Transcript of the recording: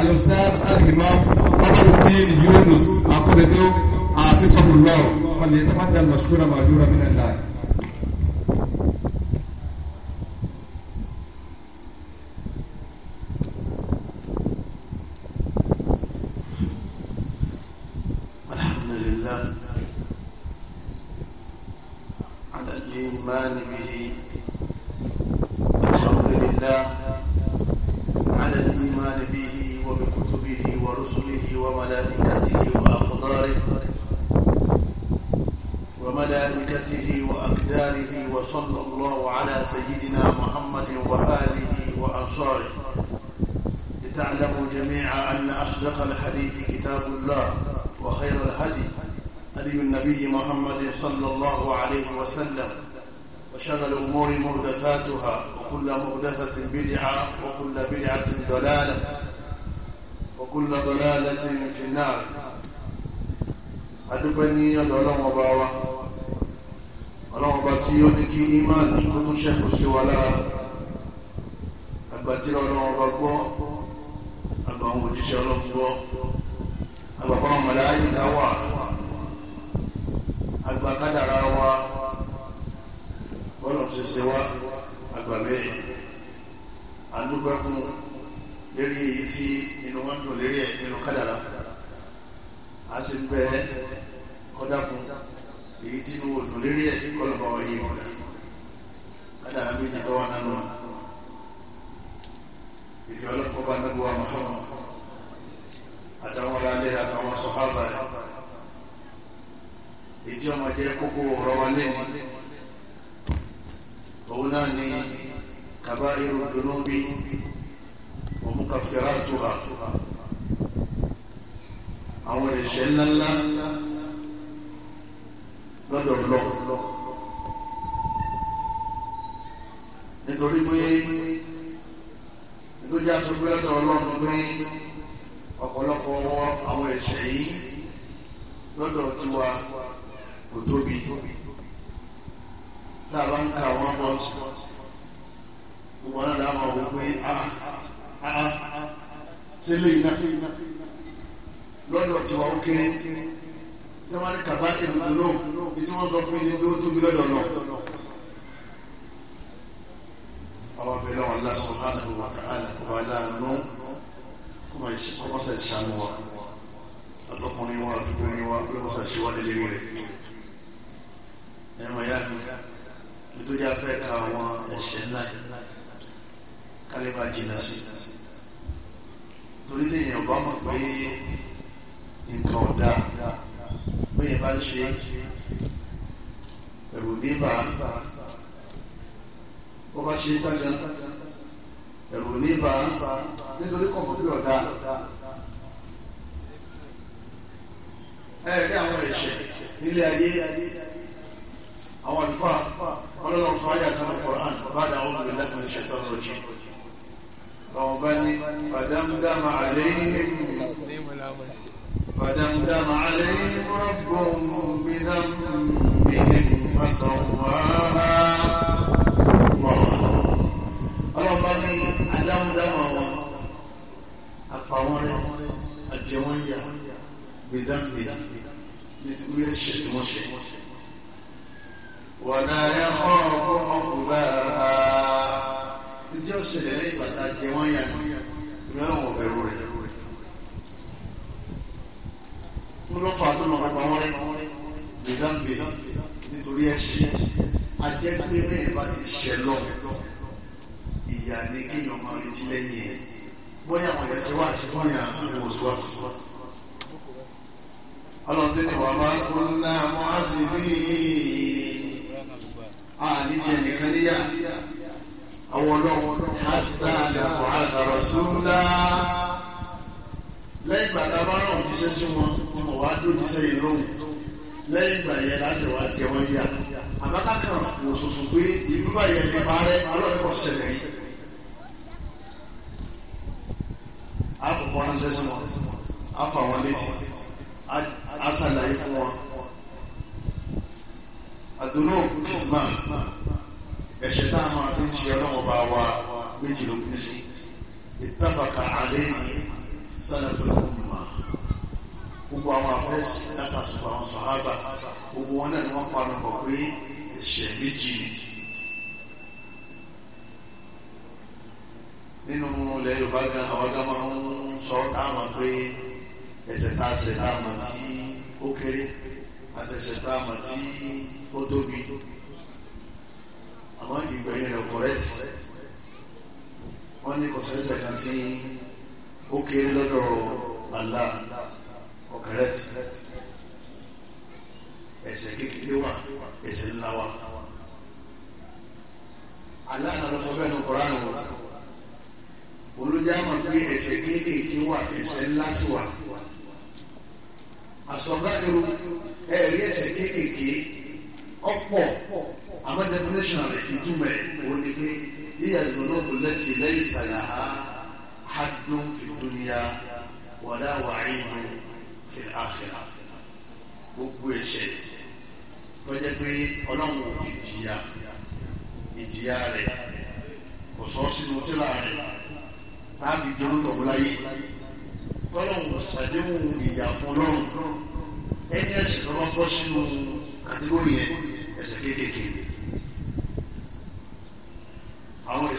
الأستاذ الإمام بدر الدين يونس أقرده حفظه الله فليتفضل مشكورا مأجورا من الله الإيمان به الحمد لله على الإيمان به كتبه ورسله وملائكته وأقداره وملائكته وأقداره وصلى الله على سيدنا محمد وآله وأنصاره لتعلموا جميعا أن أصدق الحديث كتاب الله وخير الهدي هدي النبي محمد صلى الله عليه وسلم وشر الأمور مهدثاتها وكل مهدثة بدعة وكل بدعة ضلالة وكل ضلالة في النار adúpẹ́ ní ọ̀dọ̀ ọlọ́run ọba wa ọlọ́run ọba tí ó ní kí iman kó tún ṣẹ́kù sí wa lára àgbàtìrọ̀ ọlọ́run ọba gbọ́ àgbà àwọn òjíṣẹ́ ọlọ́run gbọ́ àgbà báwọn màláíkà wà àgbà kádàrá wa bọ́ọ̀lù ṣẹṣẹ wa àgbà bẹ́ẹ̀ adúpẹ́ fún un lérí èyí tí inú wọn dùn lérí ẹ̀ nínú kádàrá a sì ń bẹ kọ́dà fún èyí tí inú wọn dùn lérí ẹ̀ kọ́lọ̀ bá wọn yé wọn kádàrá méjì tó wà nánú wọn ìdí ọlọ́pàá bá nàbọ̀ wà Muhammad àtàwọn ará lẹ́rẹ̀ àtàwọn sọ̀hábà rẹ̀ èyí ọmọdé kókó ọ̀rọ̀ wa lẹ́nu òun náà ni kaba irun dunu bíi mukafiratuha àwọn ẹ̀ṣẹ̀ ńláńlá lọ́dọ̀ lọ nítorí pé nítorí àtúgbé lọ́dọ̀ ọlọ́run pé ọ̀pọ̀lọpọ̀ àwọn ẹ̀ṣẹ̀ yìí lọ́dọ̀ tiwa kò tóbi tá a bá ń ka àwọn ọmọ gbogbo náà dáhùn àwọn pé a. Ah, ṣe lè iná lọ́dọ̀ tiwa ó kéré tẹ́wọ́n kaba ìrìnà náà ní tí wọ́n sọ fún ilé tó tóbi lọ́dọ̀ náà. àwọn abẹ́rẹ́ wọn lásán lásán wà káàlà wà láàánú kó máa ṣe kó máa ṣàánú wa àtọkùnrin wa àtọkùnrin wa ló máa ṣe wá délé rẹ̀. ẹ̀rọ ya mi nítorí afẹ́ ka àwọn ẹ̀ṣẹ̀ ńlá kálíbà jìnnà sí i torí téèyàn bá mọ̀ pé nǹkan ọ̀dà bóyá bá ń ṣe ẹ̀rù níbà ó bá ṣe tájà ẹ̀rù níbà nítorí kọ̀mọ̀tì ọ̀dà ẹ̀rí àwọn ẹ̀ṣẹ̀ nílé ayé àwọn àlùfáà ọlọ́run fàáyà kan Kùránì bá dàwọn ọmọ ìlẹ́kùn ìṣẹ̀tọ́ lọ́jọ́. قوما فدمدم عليهم فدمدم عليهم ربهم بذنبهم فسواها ربني أدمدمهم أقوم الجوية بذنبها لتقول الشيء وانا يخاف عقباها tí ó ṣẹlẹ̀ lẹ́yìn bàtà jẹ wọ́n yà ní ìrọ̀lẹ́ wọn bẹ̀rù rẹ̀. mo lọ́ fà á tó lọ bàbá wọn rẹ̀ nìkan bè nítorí ẹ̀ṣẹ̀ ajẹ́ pé bẹ́ẹ̀ bá ti ṣẹ lọ ìyá ni kéèyàn máa retí lẹ́yìn ẹ̀ bóyá àwọn ẹ̀ṣẹ̀ wà sí fún yàrá ní oṣù àṣùwà. ọlọ́run ní wàá bá kún náà mọ́ àbíbí àníjẹ nìkan níyà àwọn ọlọ́run àtúntà àdàpọ̀ àtàrọ̀ sóńdá lẹ́yìn ìgbà tá a bá rán òjíṣẹ́ sí wọn wọn wá dún òjíṣẹ́ yìí lóhùn lẹ́yìn ìgbà yẹn láti wá jẹ wọn yá àbákàkàn wò pé ìlú báyẹn ní parẹ́ ọlọ́run kò ṣẹlẹ̀ yìí. àkọ́kọ́ ránṣẹ́ sí wọn àfà wọn létí àṣàlàyé fún wọn àdùnnú kìsìmáà ẹ̀ṣẹ̀ tá a máa fi ń ṣe ọlọ́wọ́ bá wa méjì ló pín sí ìtàbàkà àlẹ́ yìí sálẹ̀fẹ̀ ọ̀húnmá gbogbo àwọn afẹ́sì látàtúkọ àwọn sọ̀hábà gbogbo wọn náà ni wọ́n pa lọ́pọ̀ pé ẹ̀ṣẹ̀ méjì nínú ilẹ̀ Yorùbá gan àwọn ọ̀gá máa ń sọ táwọn pé ẹ̀ṣẹ̀ tá a ṣẹ̀ táwọn tí ó kéré àtẹ̀ṣẹ̀ táwọn tí ó tóbi àmọ́ ìgbẹ̀yìn rẹ̀ correct wọ́n ní kò sẹ́sẹ̀ kan tí ó kéré lọ́dọ̀ Allah kò correct ẹ̀ṣẹ̀ kékeré wà ẹ̀ṣẹ̀ ńlá wà Allah náà lọ sọ fẹ́ nu Quran wò olùdámọ̀ pé ẹ̀ṣẹ̀ kékeré wà ẹ̀ṣẹ̀ ńlá sì wà àsọ̀gbáyò ẹ̀rí ẹ̀ṣẹ̀ kékeré ọ̀pọ̀ àmọ́ definition rẹ̀ ìtumọ̀ ẹ̀ òun ni pé yíyà ìdùnnú lẹ́tì lẹ́yìn sàlàhà hadùn fìdúnyà wàdà wàhíìnù fi àkhírà gbogbo ẹ̀ṣẹ̀ tọ́jẹ́ pé ọlọ́run ò fi jìyà ìjìyà rẹ̀ kò sọ sínú tíra rẹ̀ láàbì dúró tọ̀wọ́ láyé tọ́lọ́run ṣàdéhùn ìyà fún ọlọ́run ẹni ẹ̀ṣẹ̀ lọ́wọ́ sínú kàtégórì yẹn ẹ̀ṣẹ̀ kéékèèké always